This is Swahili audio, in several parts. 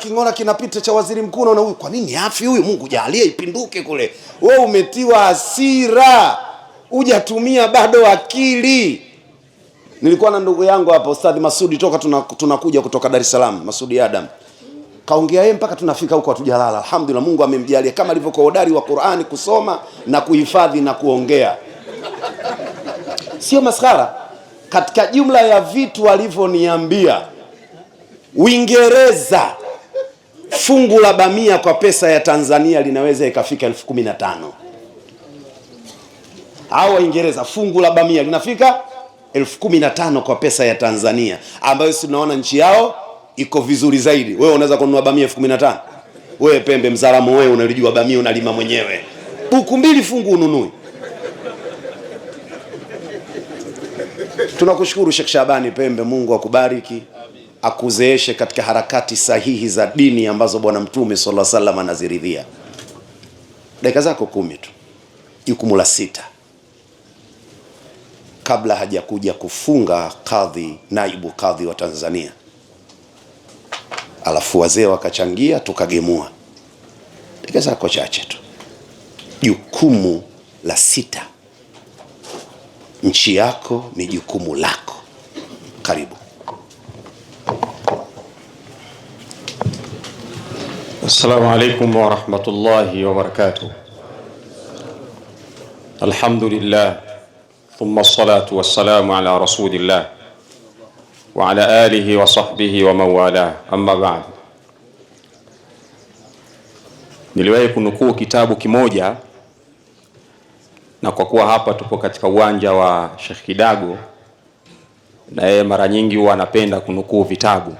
King'ora kinapita cha waziri mkuu, naona huyu, kwa nini afi huyu? Mungu jalie ipinduke kule. Wewe umetiwa hasira, hujatumia bado akili. Nilikuwa na ndugu yangu hapa Ustadhi Masudi toka tunakuja kutoka Dar es Salaam, Masudi Adam kaongea yeye mpaka tunafika huko hatujalala. Alhamdulillah, Mungu amemjalia kama kwa hodari wa Qur'ani kusoma na kuhifadhi na kuongea, sio maskara. Katika jumla ya vitu alivyoniambia Uingereza fungu la bamia kwa pesa ya Tanzania linaweza ikafika elfu kumi na tano au Waingereza fungu la bamia linafika elfu kumi na tano kwa pesa ya Tanzania, ambayo si tunaona nchi yao iko vizuri zaidi. Wewe unaweza kununua bamia elfu kumi na tano? Wewe Pembe Mzaramo, wewe unalijua bamia, unalima mwenyewe, buku mbili fungu ununui. Tunakushukuru Sheikh Shabani Pembe, Mungu akubariki akuzeeshe katika harakati sahihi za dini ambazo Bwana Mtume sallallahu alaihi wasallam anaziridhia. Dakika zako kumi tu, jukumu la sita kabla hajakuja kufunga kadhi, naibu kadhi wa Tanzania, alafu wazee wakachangia tukagemua. Dakika zako chache tu, jukumu la sita, nchi yako ni jukumu lako. Karibu. Assalamu alaikum warahmatullahi wabarakatuh. Alhamdulillah thumma salatu wassalamu ala rasulillah wa ala alihi wa sahbihi wa man amma ba'd. Niliwahi kunukuu kitabu kimoja, na kwa kuwa hapa tupo katika uwanja wa Sheikh Kidago, na yeye mara nyingi huwa anapenda kunukuu vitabu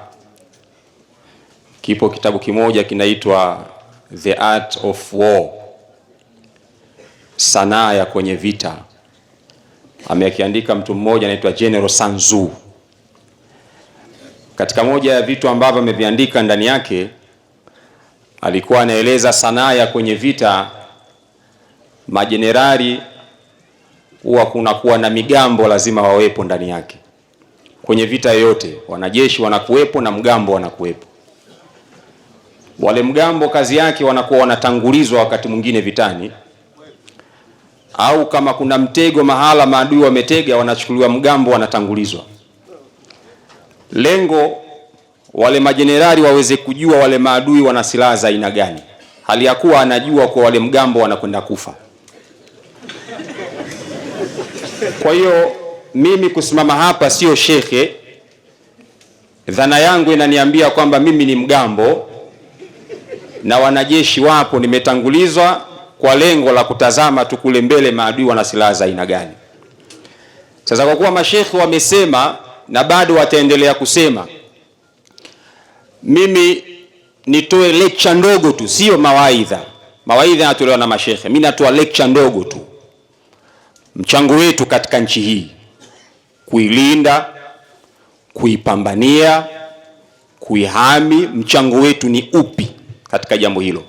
Kipo kitabu kimoja kinaitwa The Art of War, sanaa ya kwenye vita. Amekiandika mtu mmoja anaitwa General Sanzu. Katika moja ya vitu ambavyo ameviandika ndani yake alikuwa anaeleza sanaa ya kwenye vita. Majenerali huwa kunakuwa na migambo, lazima wawepo ndani yake kwenye vita yoyote, wanajeshi wanakuwepo na mgambo wanakuwepo. Wale mgambo kazi yake wanakuwa wanatangulizwa wakati mwingine vitani, au kama kuna mtego mahala maadui wametega, wanachukuliwa mgambo, wanatangulizwa. Lengo wale majenerali waweze kujua wale maadui wana silaha za aina gani, hali ya kuwa anajua kwa wale mgambo wanakwenda kufa. Kwa hiyo mimi kusimama hapa sio shekhe, dhana yangu inaniambia kwamba mimi ni mgambo na wanajeshi wapo, nimetangulizwa kwa lengo la kutazama tu kule mbele maadui wana silaha za aina gani. Sasa kwa kuwa mashekhe wamesema na bado wataendelea kusema, mimi nitoe lecture ndogo tu, sio mawaidha. Mawaidha yanatolewa na mashekhe, mimi natoa lecture ndogo tu, mchango wetu katika nchi hii, kuilinda, kuipambania, kuihami, mchango wetu ni upi? katika jambo hilo.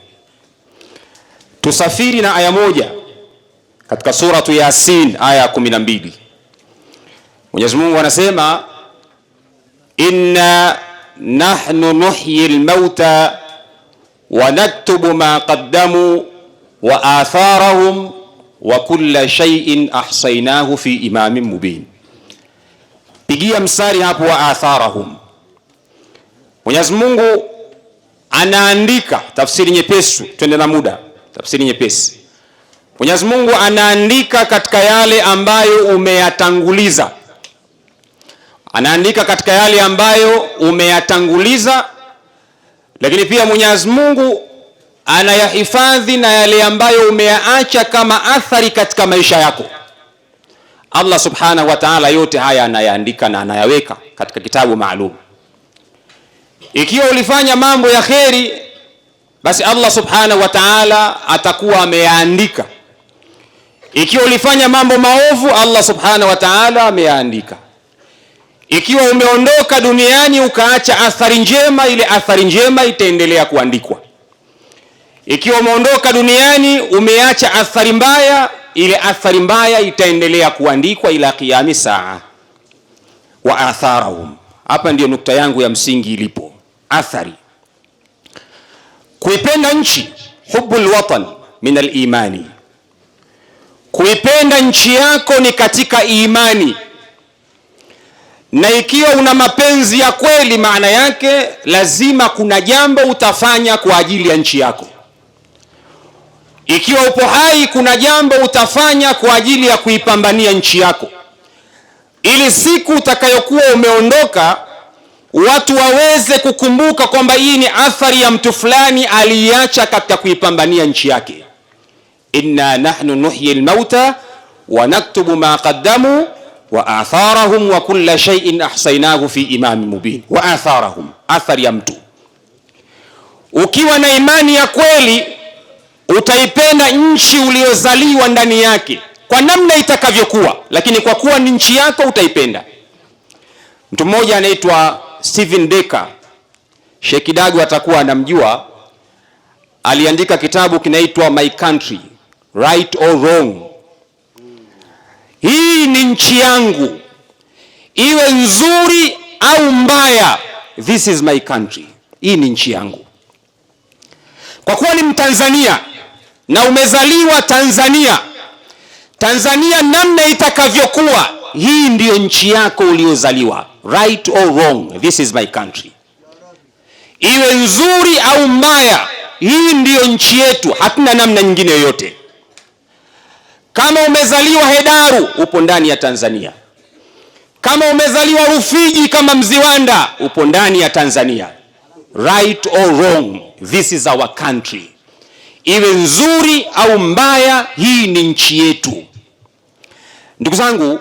Tusafiri na aya moja katika suratu Yasin aya ya kumi na mbili. Mwenyezi Mungu anasema inna nahnu nuhyi lmauta wa naktubu ma qaddamu wa atharahum wa kulla shay'in ahsaynahu fi imamin mubin. Pigia msari hapo wa atharahum. Mwenyezi Mungu anaandika tafsiri nyepesi, twende na muda, tafsiri nyepesi. Mwenyezi Mungu anaandika katika yale ambayo umeyatanguliza, anaandika katika yale ambayo umeyatanguliza, lakini pia Mwenyezi Mungu anayahifadhi na yale ambayo umeyaacha kama athari katika maisha yako. Allah subhanahu wa ta'ala, yote haya anayaandika na anayaweka katika kitabu maalum. Ikiwa ulifanya mambo ya kheri, basi Allah subhanahu wa ta'ala atakuwa ameyaandika. Ikiwa ulifanya mambo maovu, Allah subhanahu wa ta'ala ameyaandika. Ikiwa umeondoka duniani ukaacha athari njema, ile athari njema itaendelea kuandikwa. Ikiwa umeondoka duniani umeacha athari mbaya, ile athari mbaya itaendelea kuandikwa ila kiyami saa wa atharahum. Hapa ndiyo nukta yangu ya msingi ilipo athari. Kuipenda nchi, hubbul watan min alimani kuipenda nchi yako ni katika imani, na ikiwa una mapenzi ya kweli, maana yake lazima kuna jambo utafanya kwa ajili ya nchi yako. Ikiwa upo hai, kuna jambo utafanya kwa ajili ya kuipambania nchi yako, ili siku utakayokuwa umeondoka watu waweze kukumbuka kwamba hii ni athari ya mtu fulani aliiacha katika kuipambania nchi yake. inna nahnu nuhyi lmauta wa naktubu ma qaddamu wa atharahum wa kulla shay'in ahsaynahu fi imami mubin. Wa atharahum, athari ya mtu. Ukiwa na imani ya kweli utaipenda nchi uliozaliwa ndani yake kwa namna itakavyokuwa, lakini kwa kuwa ni nchi yako utaipenda. Mtu mmoja anaitwa Stephen Decker, Shekidagu atakuwa anamjua, aliandika kitabu kinaitwa My Country Right or Wrong. Hii ni nchi yangu, iwe nzuri au mbaya, this is my country. Hii ni nchi yangu. Kwa kuwa ni Mtanzania na umezaliwa Tanzania, Tanzania namna itakavyokuwa, hii ndiyo nchi yako uliozaliwa right or wrong, this is my country. Iwe nzuri au mbaya, hii ndiyo nchi yetu, hatuna namna nyingine yoyote. Kama umezaliwa Hedaru, upo ndani ya Tanzania. Kama umezaliwa Rufiji, kama Mziwanda, upo ndani ya Tanzania. Right or wrong, this is our country. Iwe nzuri au mbaya, hii ni nchi yetu, ndugu zangu.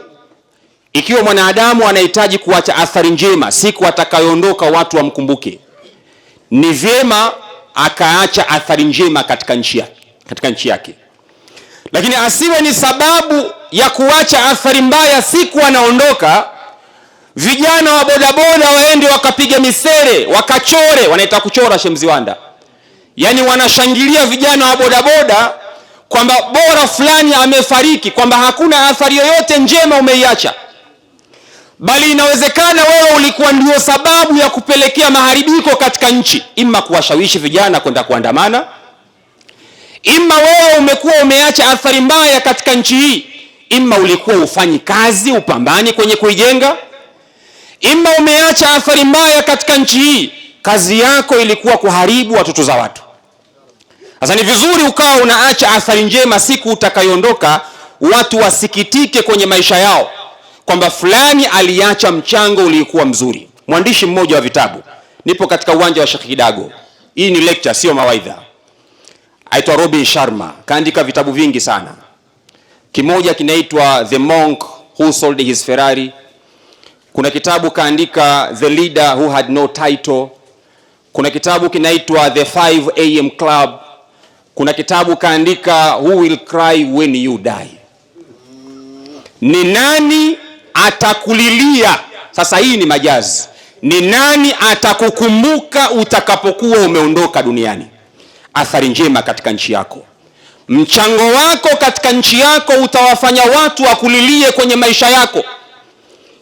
Ikiwa mwanadamu anahitaji kuacha athari njema, siku atakayoondoka watu wamkumbuke, ni vyema akaacha athari njema katika nchi yake, katika nchi yake, lakini asiwe ni sababu ya kuacha athari mbaya siku anaondoka vijana wa bodaboda waende wakapiga misere wakachore, wanaita kuchora Shemziwanda, yaani wanashangilia vijana wa bodaboda kwamba bora fulani amefariki, kwamba hakuna athari yoyote njema umeiacha bali inawezekana wewe ulikuwa ndio sababu ya kupelekea maharibiko katika nchi, ima kuwashawishi vijana kwenda kuandamana, ima wewe umekuwa umeacha athari mbaya katika nchi hii, ima ulikuwa ufanyi kazi upambani kwenye kuijenga, ima umeacha athari mbaya katika nchi hii, kazi yako ilikuwa kuharibu watoto za watu. Sasa ni vizuri ukawa unaacha athari njema, siku utakayoondoka watu wasikitike kwenye maisha yao kwamba fulani aliacha mchango uliokuwa mzuri. Mwandishi mmoja wa vitabu, nipo katika uwanja wa Sheikh Kidago, hii ni lecture, sio mawaidha, aitwa Robin Sharma, kaandika vitabu vingi sana. Kimoja kinaitwa The Monk Who Sold His Ferrari. Kuna kitabu kaandika The Leader Who Had No Title. Kuna kitabu kinaitwa The 5 AM Club. Kuna kitabu kaandika Who Will Cry When You Die. Ni nani atakulilia. Sasa hii ni majazi. Ni nani atakukumbuka utakapokuwa umeondoka duniani? Athari njema katika nchi yako, mchango wako katika nchi yako utawafanya watu wakulilie kwenye maisha yako,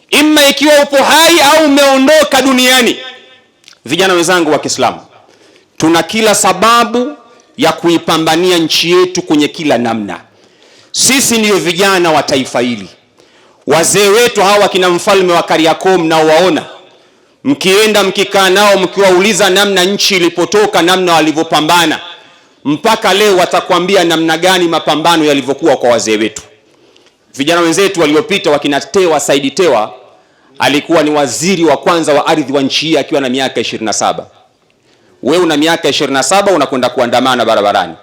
ima ikiwa upo hai au umeondoka duniani. Vijana wenzangu wa Kiislamu, tuna kila sababu ya kuipambania nchi yetu kwenye kila namna. Sisi ndiyo vijana wa taifa hili. Wazee wetu hawa kina mfalme wa Kariakoo mnaowaona, mkienda mkikaa nao mkiwauliza namna nchi ilipotoka, namna walivyopambana mpaka leo, watakwambia namna gani mapambano yalivyokuwa kwa wazee wetu. Vijana wenzetu waliopita wakina Tewa Saidi Tewa alikuwa ni waziri wa kwanza wa ardhi wa nchi hii akiwa na miaka 27. Wewe una miaka 27 unakwenda kuandamana barabarani.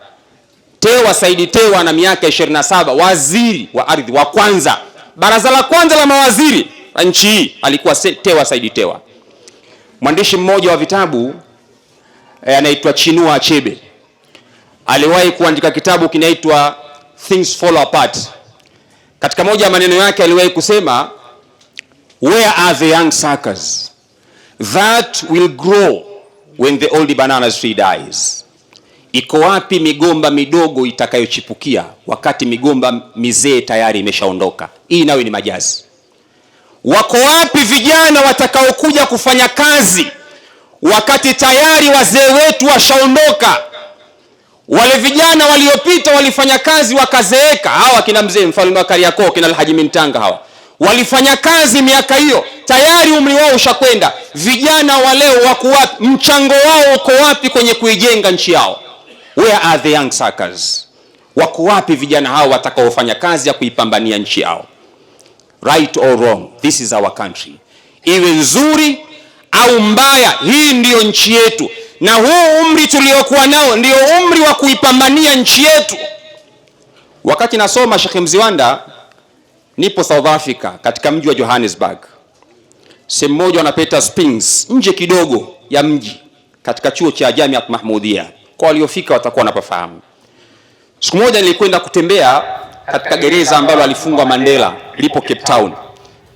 Tewa Saidi Tewa na miaka 27, waziri wa ardhi wa kwanza baraza la kwanza la mawaziri la nchi hii alikuwa Tewa Saidi Tewa. Mwandishi mmoja wa vitabu e, anaitwa Chinua Achebe aliwahi kuandika kitabu kinaitwa Things Fall Apart. Katika moja ya maneno yake aliwahi kusema Where are the young suckers that will grow when the old banana tree dies? Iko wapi migomba midogo itakayochipukia wakati migomba mizee tayari imeshaondoka? Hii nayo ni majazi. Wako wapi vijana watakaokuja kufanya kazi wakati tayari wazee wetu washaondoka? Wale vijana waliopita walifanya kazi wakazeeka. Hawa kina mzee mfalme wa Kariakoo, kina Alhaji Mintanga, hawa walifanya kazi miaka hiyo, tayari umri wao ushakwenda. Vijana wa leo wako wapi? Mchango wao uko wapi kwenye kuijenga nchi yao? Where are the young suckers? Wako wapi vijana hao watakaofanya kazi ya kuipambania nchi yao? Right or wrong, this is our country. Iwe nzuri au mbaya, hii ndiyo nchi yetu, na huu umri tuliokuwa nao ndio umri wa kuipambania nchi yetu. Wakati nasoma Sheikh Mziwanda, nipo South Africa katika mji wa Johannesburg, sehemu moja wanapeta Springs, nje kidogo ya mji, katika chuo cha Jamiat Mahmudia kwa waliofika watakuwa wanapafahamu. Siku moja nilikwenda kutembea katika gereza ambalo alifungwa Mandela, lipo Cape Town,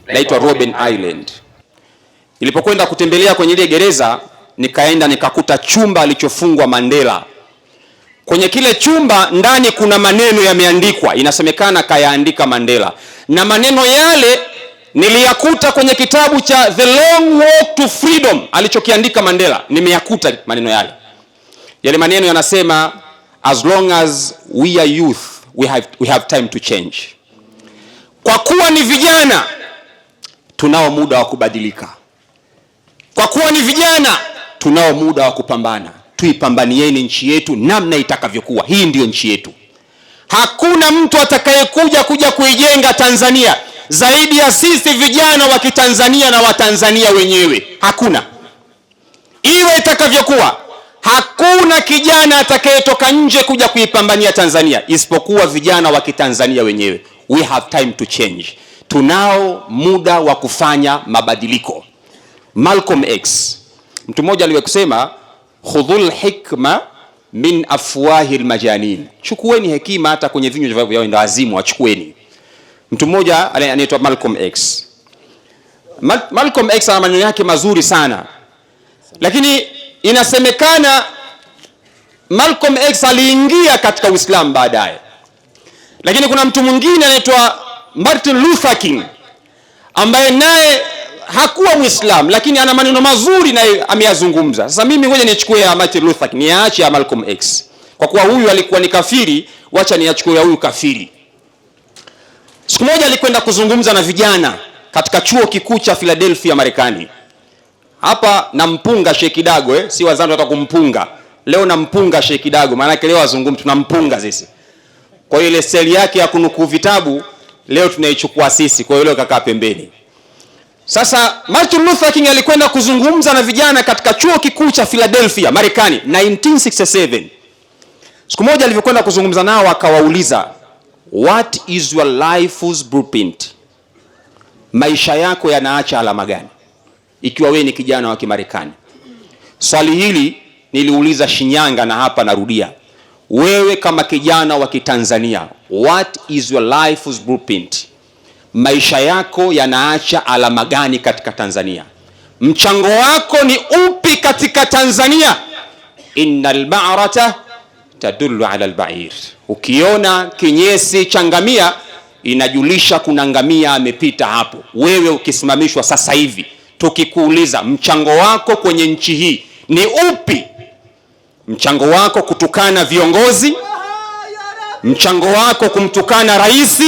naitwa Robben Island. Nilipokwenda kutembelea kwenye ile gereza, nikaenda nikakuta chumba alichofungwa Mandela. Kwenye kile chumba ndani kuna maneno yameandikwa, inasemekana kayaandika Mandela, na maneno yale niliyakuta kwenye kitabu cha The Long Walk to Freedom alichokiandika Mandela. Nimeyakuta maneno yale yale maneno yanasema as long as we are youth we have, we have time to change. Kwa kuwa ni vijana tunao muda wa kubadilika, kwa kuwa ni vijana tunao muda wa kupambana. Tuipambanieni nchi yetu namna itakavyokuwa. Hii ndiyo nchi yetu. Hakuna mtu atakayekuja kuja kuijenga Tanzania zaidi ya sisi vijana wa Kitanzania na Watanzania wenyewe. Hakuna iwe itakavyokuwa Hakuna kijana atakayetoka nje kuja kuipambania Tanzania isipokuwa vijana wa Kitanzania wenyewe. We have time to change, tunao muda wa kufanya mabadiliko. Malcolm X, mtu mmoja aliwe kusema khudhul hikma min afwahi almajanin, chukueni hekima hata kwenye vinywa vya wenda wazimu, wachukueni. Mtu mmoja anaitwa Malcolm X. Malcolm X ana maneno yake mazuri sana, lakini Inasemekana Malcolm X aliingia katika Uislamu baadaye, lakini kuna mtu mwingine anaitwa Martin Luther King ambaye naye hakuwa Muislamu, lakini ana maneno mazuri naye ameyazungumza. Sasa mimi ngoja nichukue ya Martin Luther King, niache ya Malcolm X, kwa kuwa huyu alikuwa ni kafiri, wacha niachukue ya huyu kafiri. Siku moja alikwenda kuzungumza na vijana katika chuo kikuu cha Philadelphia, Marekani hapa nampunga eh, si wazandu wata kumpunga leo, nampunga shekidago maana yake leo azungumzi, tunampunga sisi. Kwa hiyo ile seli yake ya kunukuu vitabu leo tunaichukua sisi, kwa hiyo leo kakaa pembeni. Sasa Martin Luther King alikwenda kuzungumza na vijana katika chuo kikuu cha Philadelphia, Marekani 1967. Siku moja alivyokwenda kuzungumza nao akawauliza, What is your life's blueprint? Maisha yako yanaacha alama gani? ikiwa wewe ni kijana wa Kimarekani. Swali hili niliuliza Shinyanga na hapa narudia, wewe kama kijana wa Kitanzania, what is your life's blueprint? Maisha yako yanaacha alama gani katika Tanzania? Mchango wako ni upi katika Tanzania? innal ba'rata tadullu ala al-ba'ir. ukiona kinyesi cha ngamia inajulisha kuna ngamia amepita hapo. Wewe ukisimamishwa sasa hivi tukikuuliza mchango wako kwenye nchi hii ni upi? Mchango wako kutukana viongozi? Mchango wako kumtukana rais?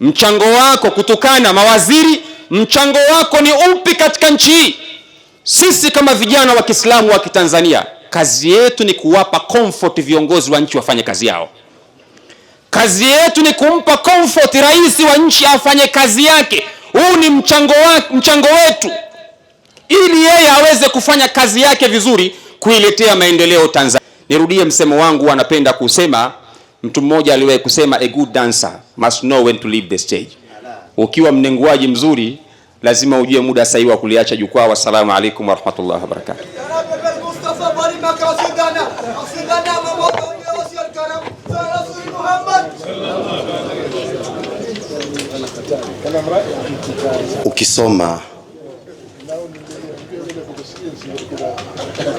Mchango wako kutukana mawaziri? Mchango wako ni upi katika nchi hii? Sisi kama vijana wa Kiislamu wa Kitanzania, kazi yetu ni kuwapa comfort viongozi wa nchi wafanye kazi yao. Kazi yetu ni kumpa comfort rais wa nchi afanye kazi yake. Huu ni mchango, wa, mchango wetu ili yeye aweze kufanya kazi yake vizuri kuiletea maendeleo Tanzania. Nirudie msemo wangu, anapenda kusema mtu mmoja aliwahi kusema, a good dancer must know when to leave the stage. Ukiwa mnenguaji mzuri lazima ujue muda sahihi wa kuliacha jukwaa. Wassalamu alaikum warahmatullahi wabarakatuh. Ukisoma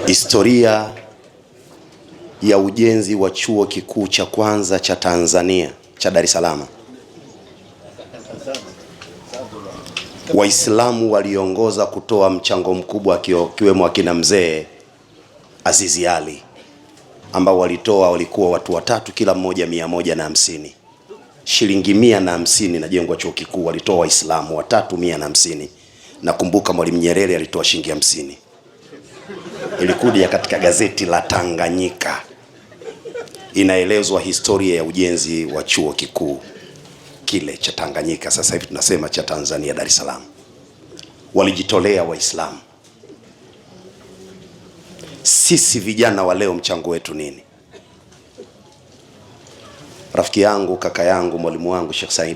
Historia ya ujenzi wa chuo kikuu cha kwanza cha Tanzania cha Dar es Salaam. Waislamu waliongoza kutoa mchango mkubwa akiwemo akina mzee Azizi Ali ambao walitoa, walikuwa watu watatu, kila mmoja mia moja na hamsini shilingi mia na hamsini na jengo chuo kikuu walitoa Waislamu watatu mia na hamsini. Nakumbuka Mwalimu Nyerere alitoa shilingi hamsini ilikuja katika gazeti la Tanganyika, inaelezwa historia ya ujenzi wa chuo kikuu kile cha Tanganyika, sasa hivi tunasema cha Tanzania, Dar es Salaam. Walijitolea Waislamu. Sisi vijana wa leo, mchango wetu nini? Rafiki yangu, kaka yangu, mwalimu wangu Sheikh Said